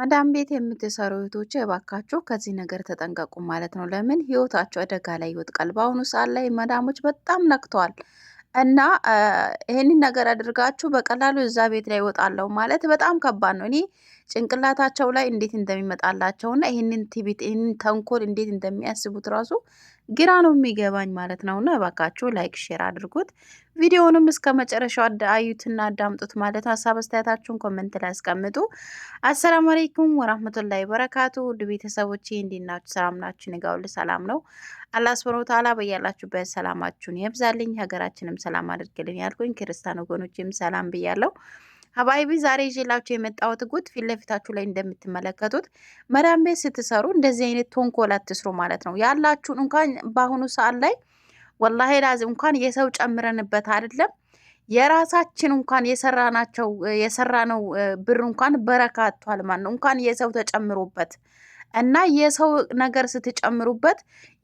መዳም ቤት የምትሰሩ እህቶች እባካችሁ ከዚህ ነገር ተጠንቀቁ ማለት ነው። ለምን ህይወታቸው አደጋ ላይ ይወጥቃል። በአሁኑ ሰዓት ላይ መዳሞች በጣም ነክተዋል እና ይህንን ነገር አድርጋችሁ በቀላሉ እዛ ቤት ላይ ይወጣለሁ ማለት በጣም ከባድ ነው እኔ ጭንቅላታቸው ላይ እንዴት እንደሚመጣላቸውና ይህንን ትቢት ይህንን ተንኮል እንዴት እንደሚያስቡት ራሱ ግራ ነው የሚገባኝ ማለት ነው። ነውና እባካችሁ ላይክ ሼር አድርጉት። ቪዲዮውንም እስከ መጨረሻው አዩትና አዳምጡት ማለት ነው። ሀሳብ አስተያየታችሁን ኮመንት ላይ አስቀምጡ። አሰላሙ አለይኩም ወራህመቱላሂ ወበረካቱ። ውድ ቤተሰቦች እንዴት ናችሁ? ሰላም ናችሁ? እኔ ጋር ሁሉ ሰላም ነው። አላህ ሱብሐነሁ ወተዓላ በያላችሁበት ሰላማችሁን ያብዛልኝ፣ ሀገራችንም ሰላም አድርግልን ያልኩኝ ክርስቲያን ወገኖችም ሰላም ብያለሁ። ሀባይቢ ዛሬ ይዤላችሁ የመጣሁት ጉድ ፊት ለፊታችሁ ላይ እንደምትመለከቱት መዳም ቤት ስትሰሩ እንደዚህ አይነት ቶንኮል አትስሩ ማለት ነው። ያላችሁን እንኳን በአሁኑ ሰዓት ላይ ወላሂ ላዚ እንኳን የሰው ጨምረንበት አይደለም የራሳችን እንኳን የሰራ ናቸው የሰራ ነው ብር እንኳን በረካ አጥቷል ማለት ነው። እንኳን የሰው ተጨምሮበት እና የሰው ነገር ስትጨምሩበት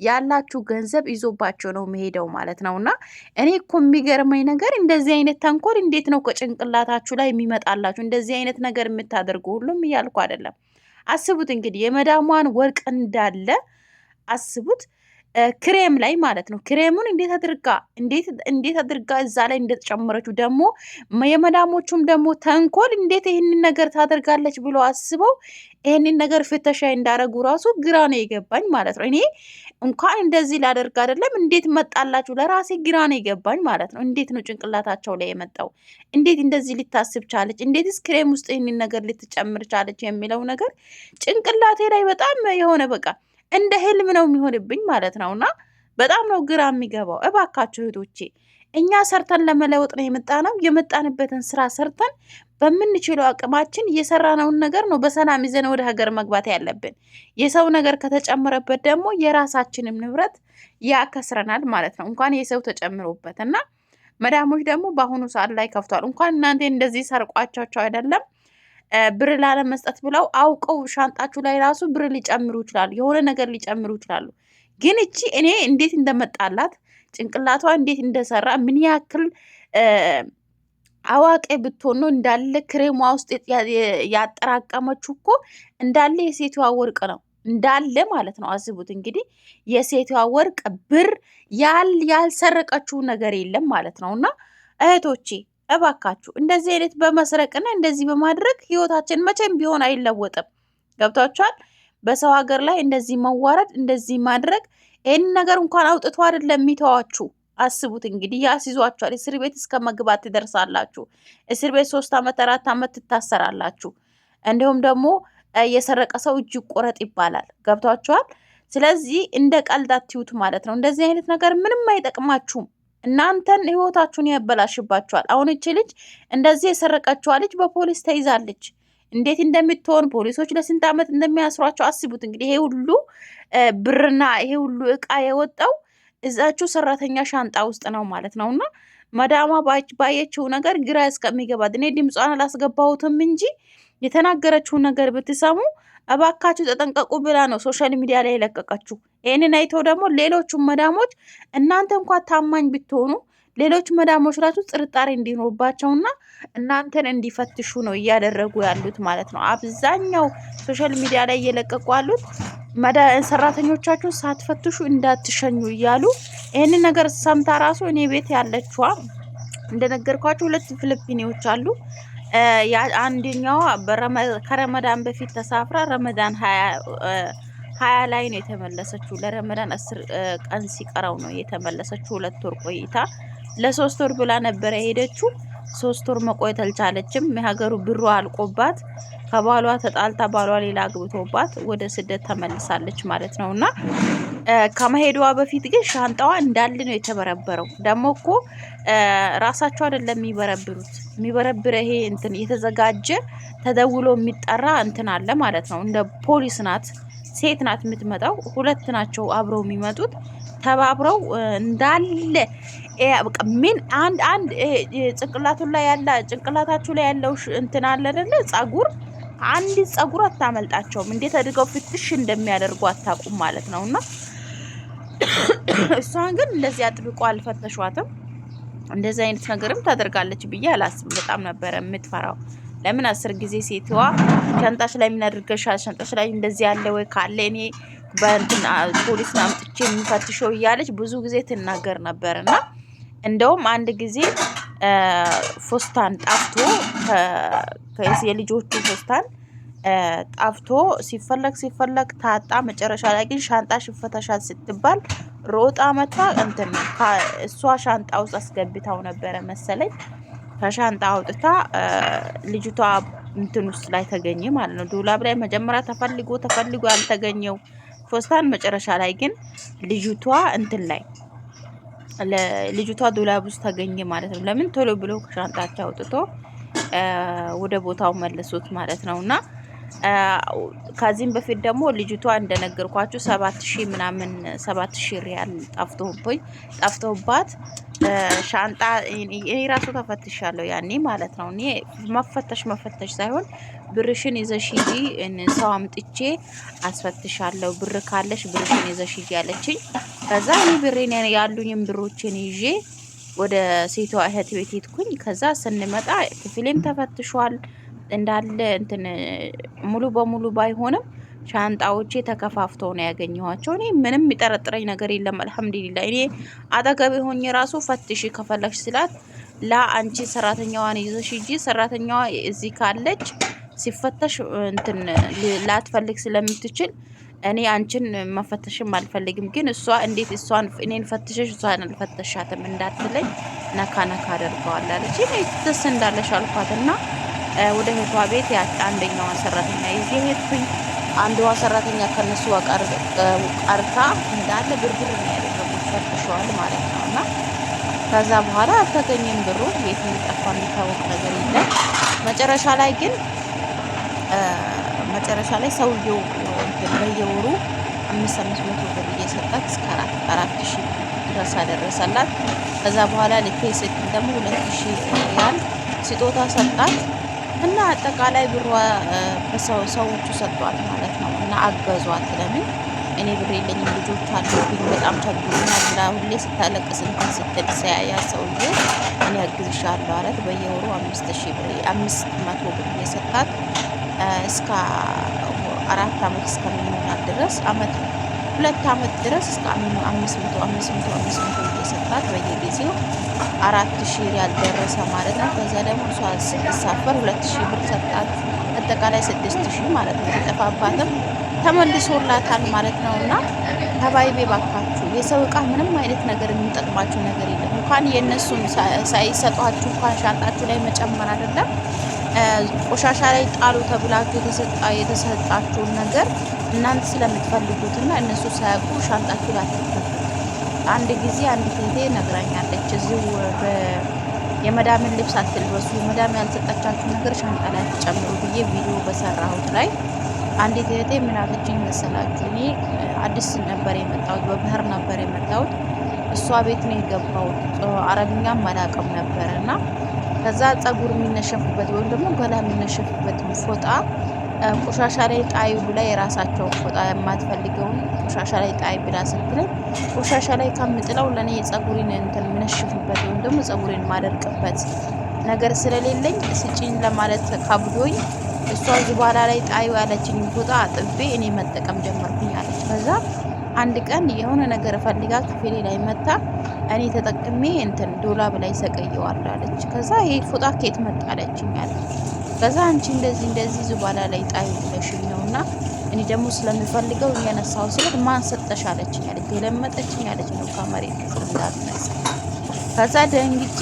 ያላችሁ ገንዘብ ይዞባቸው ነው መሄደው ማለት ነው። እና እኔ እኮ የሚገርመኝ ነገር እንደዚህ አይነት ተንኮል እንዴት ነው ከጭንቅላታችሁ ላይ የሚመጣላችሁ? እንደዚህ አይነት ነገር የምታደርጉ ሁሉም እያልኩ አይደለም። አስቡት እንግዲህ የመዳሟን ወርቅ እንዳለ አስቡት። ክሬም ላይ ማለት ነው። ክሬሙን እንዴት አድርጋ እንዴት አድርጋ እዛ ላይ እንደተጨመረችው ደግሞ የመዳሞቹም ደግሞ ተንኮል እንዴት ይህንን ነገር ታደርጋለች ብሎ አስበው ይህንን ነገር ፍተሻ እንዳደረጉ ራሱ ግራ ነው የገባኝ ማለት ነው። እኔ እንኳን እንደዚህ ላደርግ አይደለም እንዴት መጣላችሁ ለራሴ ግራ ነው የገባኝ ማለት ነው። እንዴት ነው ጭንቅላታቸው ላይ የመጣው? እንዴት እንደዚህ ልታስብ ቻለች? እንዴትስ ክሬም ውስጥ ይህንን ነገር ልትጨምር ቻለች? የሚለው ነገር ጭንቅላቴ ላይ በጣም የሆነ በቃ እንደ ህልም ነው የሚሆንብኝ ማለት ነው። እና በጣም ነው ግራ የሚገባው። እባካችሁ እህቶቼ እኛ ሰርተን ለመለወጥ ነው ነው። የመጣንበትን ስራ ሰርተን በምንችለው አቅማችን የሰራነውን ነገር ነው በሰላም ይዘን ወደ ሀገር መግባት ያለብን። የሰው ነገር ከተጨመረበት ደግሞ የራሳችንም ንብረት ያከስረናል ማለት ነው። እንኳን የሰው ተጨምሮበት እና መዳሞች ደግሞ በአሁኑ ሰዓት ላይ ከፍቷል። እንኳን እናንተ እንደዚህ ሰርቋቻቸው አይደለም ብር ላለመስጠት ብለው አውቀው ሻንጣችሁ ላይ ራሱ ብር ሊጨምሩ ይችላሉ፣ የሆነ ነገር ሊጨምሩ ይችላሉ። ግን እቺ እኔ እንዴት እንደመጣላት ጭንቅላቷ እንዴት እንደሰራ ምን ያክል አዋቂ ብትሆን እንዳለ ክሬሟ ውስጥ ያጠራቀመችው እኮ እንዳለ የሴትዋ ወርቅ ነው እንዳለ ማለት ነው። አስቡት እንግዲህ የሴትዋ ወርቅ ብር ያል ያልሰረቀችው ነገር የለም ማለት ነው እና እህቶቼ እባካችሁ እንደዚህ አይነት በመስረቅና እንደዚህ በማድረግ ህይወታችን መቼም ቢሆን አይለወጥም። ገብቷችኋል? በሰው ሀገር ላይ እንደዚህ መዋረድ፣ እንደዚህ ማድረግ፣ ይህን ነገር እንኳን አውጥቶ አይደለም የሚተዋችሁ። አስቡት እንግዲህ ያስይዟችኋል። እስር ቤት እስከ መግባት ትደርሳላችሁ። እስር ቤት ሶስት ዓመት አራት ዓመት ትታሰራላችሁ። እንዲሁም ደግሞ የሰረቀ ሰው እጅ ቆረጥ ይባላል። ገብቷችኋል? ስለዚህ እንደ ቀልድ አትዩት ማለት ነው። እንደዚህ አይነት ነገር ምንም አይጠቅማችሁም። እናንተን ህይወታችሁን ያበላሽባችኋል። አሁን እቺ ልጅ እንደዚህ የሰረቀችዋ ልጅ በፖሊስ ተይዛለች። እንዴት እንደምትሆን ፖሊሶች ለስንት ዓመት እንደሚያስሯቸው አስቡት። እንግዲህ ይሄ ሁሉ ብርና ይሄ ሁሉ እቃ የወጣው እዛችሁ ሰራተኛ ሻንጣ ውስጥ ነው ማለት ነው። እና መዳማ ባየችው ነገር ግራ እስከሚገባት እኔ ድምጿን አላስገባሁትም እንጂ የተናገረችውን ነገር ብትሰሙ እባካችሁ ተጠንቀቁ ብላ ነው ሶሻል ሚዲያ ላይ የለቀቀችው። ይህንን አይተው ደግሞ ሌሎቹን መዳሞች እናንተ እንኳ ታማኝ ብትሆኑ ሌሎች መዳሞች ራሱ ጥርጣሬ እንዲኖርባቸውና እናንተን እንዲፈትሹ ነው እያደረጉ ያሉት ማለት ነው። አብዛኛው ሶሻል ሚዲያ ላይ እየለቀቁ ያሉት ሰራተኞቻችሁን ሳትፈትሹ እንዳትሸኙ እያሉ ይህንን ነገር ሰምታ ራሱ እኔ ቤት ያለችዋ እንደነገርኳቸው ሁለት ፊልፒኒዎች አሉ። አንደኛዋ ከረመዳን በፊት ተሳፍራ ረመዳን ሀያ ሀያ ላይ ነው የተመለሰችው። ለረመዳን አስር ቀን ሲቀራው ነው የተመለሰችው። ሁለት ወር ቆይታ ለሶስት ወር ብላ ነበረ የሄደችው። ሶስት ወር መቆየት አልቻለችም። የሀገሩ ብሯ አልቆባት ከባሏ ተጣልታ ባሏ ሌላ አግብቶባት ወደ ስደት ተመልሳለች ማለት ነው። እና ከመሄዷ በፊት ግን ሻንጣዋ እንዳለ ነው የተበረበረው። ደግሞ እኮ ራሳቸው አይደለም የሚበረብሩት የሚበረብረ ይሄ እንትን የተዘጋጀ ተደውሎ የሚጠራ እንትን አለ ማለት ነው። እንደ ፖሊስ ናት ሴት ናት የምትመጣው። ሁለት ናቸው አብረው የሚመጡት ተባብረው እንዳለ ምን አንድ አንድ ጭንቅላቱ ላይ ያለ ጭንቅላታችሁ ላይ ያለው እንትን አለንለ ጸጉር አንድ ጸጉር አታመልጣቸውም። እንዴት አድርገው ፍትሽ እንደሚያደርጉ አታውቁም ማለት ነው። እና እሷን ግን እንደዚህ አጥብቆ አልፈተሿትም። እንደዚህ አይነት ነገርም ታደርጋለች ብዬ አላስብም። በጣም ነበረ የምትፈራው። ለምን አስር ጊዜ ሴትዋ ሻንጣሽ ላይ ምን አድርገሻል? ሻንጣሽ ላይ እንደዚህ ያለ ወይ ካለ እኔ በእንትን ፖሊስ ናምጥቼ የምፈትሸው እያለች ብዙ ጊዜ ትናገር ነበር። እና እንደውም አንድ ጊዜ ፎስታን ጣፍቶ የልጆቹ ፎስታን ጣፍቶ ሲፈለግ ሲፈለግ ታጣ። መጨረሻ ላይ ግን ሻንጣሽ ይፈተሻል ስትባል ሮጣ መታ እንትን እሷ ሻንጣ ውስጥ አስገብታው ነበረ መሰለኝ። ከሻንጣ አውጥታ ልጅቷ እንትን ውስጥ ላይ ተገኘ ማለት ነው። ዶላብ ላይ መጀመሪያ ተፈልጎ ተፈልጎ ያልተገኘው ፎስታን መጨረሻ ላይ ግን ልጅቷ እንትን ላይ ልጅቷ ዶላብ ውስጥ ተገኘ ማለት ነው። ለምን ቶሎ ብሎ ከሻንጣቸው አውጥቶ ወደ ቦታው መለሱት ማለት ነው እና ከዚህም በፊት ደግሞ ልጅቷ እንደነገርኳችሁ ሰባት ሺህ ምናምን ሰባት ሺህ ሪያል ጠፍቶብኝ ጠፍቶባት ሻንጣ እኔ ራሱ ተፈትሻለሁ ያኔ ማለት ነው። እኔ መፈተሽ መፈተሽ ሳይሆን ብርሽን ይዘሽ ሂጂ ሰው አምጥቼ አስፈትሻለሁ፣ ብር ካለሽ ብርሽን ይዘሽ ሂጂ ያለችኝ። ከዛ እኔ ብሬን ያሉኝም ብሮችን ይዤ ወደ ሴቷ እህት ቤት ሄድኩኝ። ከዛ ስንመጣ ክፍሌም ተፈትሿል። እንዳለ እንትን ሙሉ በሙሉ ባይሆንም ሻንጣዎቼ ተከፋፍተው ነው ያገኘኋቸው። እኔ ምንም የሚጠረጥረኝ ነገር የለም። አልሐምዱሊላ እኔ አጠገብ የሆኝ ራሱ ፈትሽ ከፈለግሽ ስላት ላ አንቺ ሰራተኛዋን ይዘሽ ሂጂ፣ ሰራተኛዋ እዚህ ካለች ሲፈተሽ እንትን ላትፈልግ ስለምትችል እኔ አንቺን መፈተሽም አልፈልግም። ግን እሷ እንዴት እሷን እኔን ፈትሸሽ እሷን አልፈተሻትም እንዳትለኝ ነካ ነካ አደርገዋል አለች። ደስ እንዳለሽ አልኳትና ወደ እህቷ ቤት አንደኛዋን ሰራተኛ ይዤ ሄድኩኝ። አንዷ ሰራተኛ ከነሱ ቀርታ እንዳለ ብርብር ነው ያደረጉት፣ ፈትሸዋል ማለት ነው። እና ከዛ በኋላ አልተገኘም ብሩ ቤት የሚጠፋ የሚታወቅ ነገር የለም። መጨረሻ ላይ ግን መጨረሻ ላይ ሰውየው በየወሩ አምስት አምስት መቶ ብር እየሰጣት እስከ አራት አራት ሺ ድረስ አደረሰላት። ከዛ በኋላ ልኬ ስትል ደግሞ ሁለት ሺ ያህል ስጦታ ሰጣት። እና አጠቃላይ ብሯ ሰዎቹ ሰጧት ማለት ነው እና አገዟት። ለምን እኔ ብር የለኝም ልጆች አሉብኝ በጣም ቸግሮኛል ብላ ሁሌ ስታለቅስ እንትን ስትል ሲያያ ሰውዬ እኔ አግዝሻለሁ አላት። በየወሩ አምስት ሺ ብር አምስት መቶ ብር የሰጣት እስከ አራት አመት እስከሚሆናት ድረስ አመት ነው ሁለት አመት ድረስ እስከ አምስት መቶ አምስት መቶ አምስት መቶ እየሰጣት በየጊዜው አራት ሪያል ያልደረሰ ማለት ነው። ከዛ ደግሞ እሷ ስትሳፈር ሁለት ብር ሰጣት። አጠቃላይ ስድስት ሺ ማለት ነው። የጠፋባትም ተመልሶላታል ማለት ነው። እና ተባይቤ ባካችሁ የሰው እቃ ምንም አይነት ነገር የሚጠቅማችሁ ነገር የለም። እንኳን የእነሱን ሳይሰጧችሁ እንኳን ሻንጣችሁ ላይ መጨመር አይደለም ቆሻሻ ላይ ጣሉ ተብላችሁ የተሰጣችሁን ነገር እናንተ ስለምትፈልጉትና እነሱ ሳያውቁ ሻንጣችሁ ላትከፍቱ። አንድ ጊዜ አንድ ቴቴ ነግራኛለች። እዚሁ የመዳምን ልብስ አትልበሱ፣ መዳም ያልሰጠቻችሁ ነገር ሻንጣ ላይ አትጨምሩ ብዬ ቪዲዮ በሰራሁት ላይ አንዲት እህቴ ምን መሰላችሁ? እኔ አዲስ ነበር የመጣሁት፣ በባህር ነበር የመጣሁት። እሷ ቤት ነው የገባሁት። አረብኛም አላውቅም ነበረ እና ከዛ ጸጉር የሚነሸፉበት ወይም ደግሞ ገላ የሚነሸፉበት ፎጣ ቆሻሻ ላይ ጣይ ብላ የራሳቸው ፎጣ የማትፈልገውን ቆሻሻ ላይ ጣይ ብላ ስትለኝ ቆሻሻ ላይ ከምጥለው ለእኔ የጸጉሬን እንትን የምነሽፍበት ወይም ደግሞ ጸጉሬን ማደርቅበት ነገር ስለሌለኝ ስጪኝ ለማለት ካብዶኝ እሷ ዝባላ ላይ ጣዩ ያለችኝ ፎጣ አጥቤ እኔ መጠቀም ጀመርኩኝ አለች ከዛ አንድ ቀን የሆነ ነገር ፈልጋ ክፍሌ ላይ መታ እኔ ተጠቅሜ እንትን ዶላብ ላይ ሰቀየዋለሁ አለች። ከዛ ይሄ ፎጣ ኬት መጣለችኝ አለች። ከዛ አንቺ እንደዚህ እንደዚህ ዙባላ ላይ ጣይ ብለሽኝ ነው እና እኔ ደግሞ ስለምፈልገው እያነሳው ስለት ማን ሰጠሽ አለችኝ አለች። የለመጠችኝ አለች ነው ከመሬት እንዳትነሳ። ከዛ ደንግጬ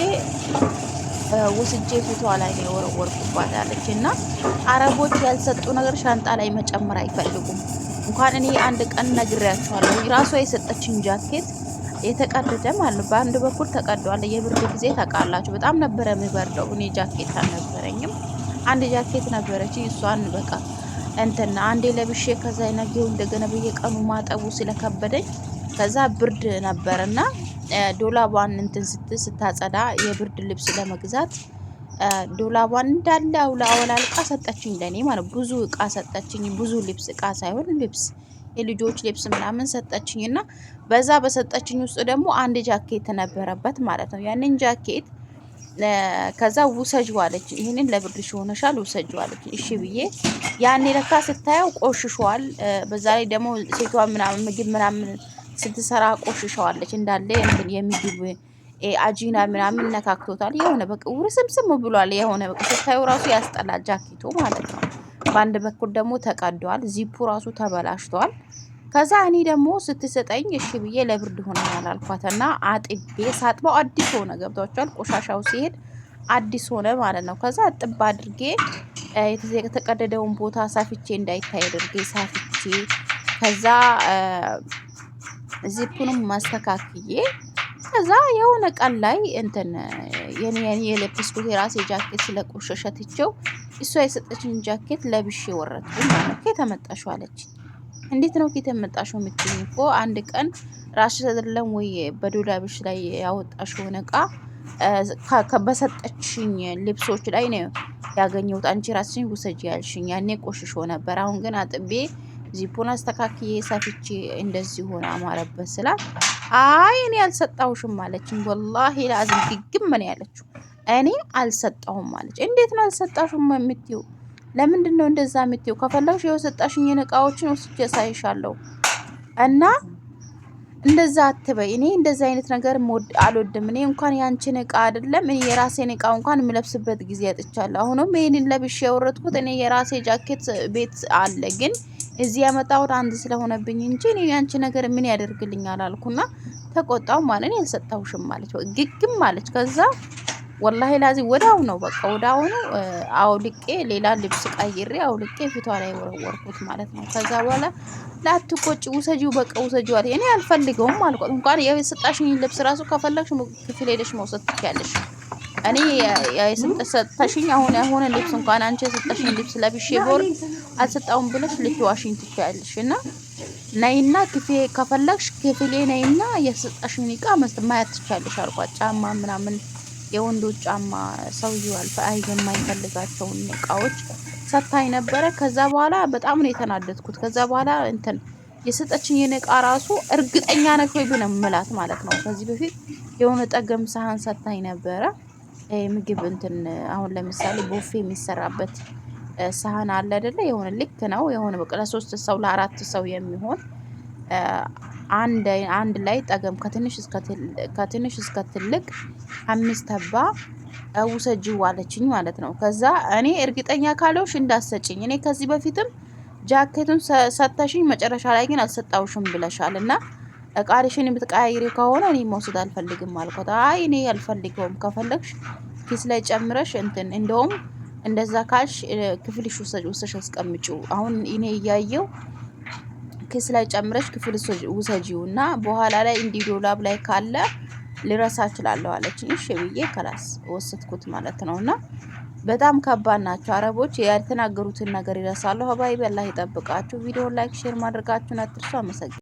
ወስጄ ፊቷ ላይ ነው የወረወርኩባት አለች። እና አረቦች ያልሰጡ ነገር ሻንጣ ላይ መጨመር አይፈልጉም። እንኳን እኔ አንድ ቀን ነግሬያቸዋለሁ። ራሷ የሰጠችኝ ጃኬት የተቀደደ ማለት በአንድ በኩል ተቀደዋል። የብርድ ጊዜ ታውቃላችሁ፣ በጣም ነበረ የሚበርደው። እኔ ጃኬት አልነበረኝም፣ አንድ ጃኬት ነበረች። እሷን በቃ እንትና አንዴ ለብሼ ከዛ ነገው እንደገና በየቀኑ ማጠቡ ስለከበደኝ ከዛ ብርድ ነበርና ዶላቧን እንትን ስታጸዳ የብርድ ልብስ ለመግዛት ዶላቧን እንዳለ አውላ አወላ እቃ ሰጠችኝ ለእኔ ማለት ብዙ እቃ ሰጠችኝ። ብዙ ልብስ እቃ ሳይሆን ልብስ የልጆች ልብስ ምናምን ሰጠችኝ እና በዛ በሰጠችኝ ውስጥ ደግሞ አንድ ጃኬት ነበረበት ማለት ነው። ያንን ጃኬት ከዛ ውሰጅ ዋለች። ይህንን ለብርድሽ ሆነሻል ውሰጅ ዋለች። እሺ ብዬ ያኔ ለካ ስታየው ቆሽሸዋል። በዛ ላይ ደግሞ ሴቷ ምናምን ምግብ ምናምን ስትሰራ ቆሽሸዋለች እንዳለ የምግብ አጂና ምናምን ነካክቶታል። የሆነ በቃ ውርስምስም ብሏል። የሆነ በቃ ስታዩ ራሱ ያስጠላል፣ ጃኬቱ ማለት ነው። በአንድ በኩል ደግሞ ተቀዷል፣ ዚፑ ራሱ ተበላሽቷል። ከዛ እኔ ደግሞ ስትሰጠኝ እሺ ብዬ ለብርድ ሆነኛል አልኳትና አጥቤ ሳጥበው አዲስ ሆነ። ገብቷቸዋል። ቆሻሻው ሲሄድ አዲስ ሆነ ማለት ነው። ከዛ ጥብ አድርጌ የተቀደደውን ቦታ ሳፍቼ እንዳይታይ አድርጌ ሳፍቼ ከዛ ዚፑንም ማስተካክዬ ከዛ የሆነ ቀን ላይ እንትን የኔ የኔ የለበስኩት የራሴ ጃኬት ስለቆሸሸ ትቼው እሷ የሰጠችኝ ጃኬት ለብሼ ወረድኩኝ ማለት ነው። ከተመጣሹ አለች። እንዴት ነው ከተመጣሹ የምትይኝ እኮ አንድ ቀን ራስሽ አይደለም ወይ በዶላብሽ ላይ ያወጣሽውን እቃ በሰጠችኝ ልብሶች ላይ ነው ያገኘሁት። አንቺ ራስሽን ውሰጂ ያልሽኝ ያኔ ቆሽሾ ነበር። አሁን ግን አጥቤ ዚፑን አስተካክዬ ሰፍቼ እንደዚህ ሆነ አማረበት ስላት፣ አይ እኔ አልሰጣሁሽም ማለችኝ። ወላሂ ላዝም ግግም ምን ያለችው እኔ አልሰጣሁም ማለች። እንዴት ነው አልሰጣሽም የምትይው? ለምንድን ነው እንደዛ የምትይው? ከፈለግሽ የሰጣሽኝን እቃዎችን ወስጄ ሳይሻለሁ እና እንደዛ አትበይ። እኔ እንደዛ አይነት ነገር አልወድም። እኔ እንኳን ያንቺን እቃ አይደለም እኔ የራሴን እቃ እንኳን የምለብስበት ጊዜ ያጥቻለሁ። አሁንም ይህንን ለብሼ የወረድኩት እኔ የራሴ ጃኬት ቤት አለ ግን እዚህ ያመጣሁት አንድ ስለሆነብኝ እንጂ እኔ ያንቺ ነገር ምን ያደርግልኛል አልኩና ተቆጣው ማለት ነው። ያልሰጣሁሽም ማለት ነው። ግግም ማለች። ከዛ ወላሂ ላዚ ወዳው ነው በቃ ወዳው ነው አውልቄ፣ ሌላ ልብስ ቀይሬ አውልቄ ፊቷ ላይ ወረወርኩት ማለት ነው። ከዛ በኋላ ላትቆጪ ውሰጂው፣ በቃ ውሰጂው አለ። እኔ አልፈልገውም አልኳት። እንኳን የሰጣሽኝ ልብስ ራሱ ከፈለግሽ ክፍል ሄደሽ መውሰድ ትችያለሽ እኔ የሰጠሽኝ አሁን የሆነ ልብስ እንኳን አንቺ የሰጠሽኝ ልብስ ለብሼ ቦር አልሰጣሁም ብለሽ ልትዋሽኝ ትችያለሽ። እና ነይና ክፌ ከፈለግሽ ክፍሌ ነይና የሰጠሽኝ እቃ ማየት ትችያለሽ አልኳት። ጫማ ምናምን የወንዶች ጫማ ሰውዬው የማይፈልጋቸውን እቃዎች ሰታኝ ነበረ። ከዛ በኋላ በጣም ነው የተናደድኩት። ከዛ በኋላ እንትን የሰጠችኝን እቃ ራሱ እርግጠኛ ነሽ ወይ ብለን ምላት ማለት ነው። ከዚህ በፊት የሆነ ጠገም ሳህን ሰታኝ ነበረ ምግብ እንትን አሁን ለምሳሌ ቡፌ የሚሰራበት ሳህን አለ አይደለ? የሆነ ልክ ነው የሆነ በቃ ለሶስት ሰው ለአራት ሰው የሚሆን አንድ ላይ ጠገም ከትንሽ እስከ ትልቅ አምስት ተባ ውሰጅ ዋለችኝ ማለት ነው። ከዛ እኔ እርግጠኛ ካለውሽ እንዳሰጭኝ እኔ ከዚህ በፊትም ጃኬቱን ሰጥተሽኝ መጨረሻ ላይ ግን አልሰጣውሽም ብለሻል እና እቃሽን የምትቀያይሪ ከሆነ እኔ መውሰድ አልፈልግም አልኳት። አይ እኔ አልፈልገውም፣ ከፈለግሽ ኪስ ላይ ጨምረሽ እንትን እንደውም እንደዛ ካልሽ ክፍልሽ ውሰሽ አስቀምጪው። አሁን እኔ እያየው ኪስ ላይ ጨምረሽ ክፍል ውሰጂው እና በኋላ ላይ እንዲህ ዶላብ ላይ ካለ ልረሳ እችላለሁ አለች። እሺ ብዬ ከላስ ወሰድኩት ማለት ነው እና በጣም ከባድ ናቸው አረቦች። ያልተናገሩትን ነገር ይረሳሉ። ሀባይ በላ ይጠብቃችሁ። ቪዲዮ ላይክ፣ ሼር ማድረጋችሁን አትርሱ። አመሰግናለሁ።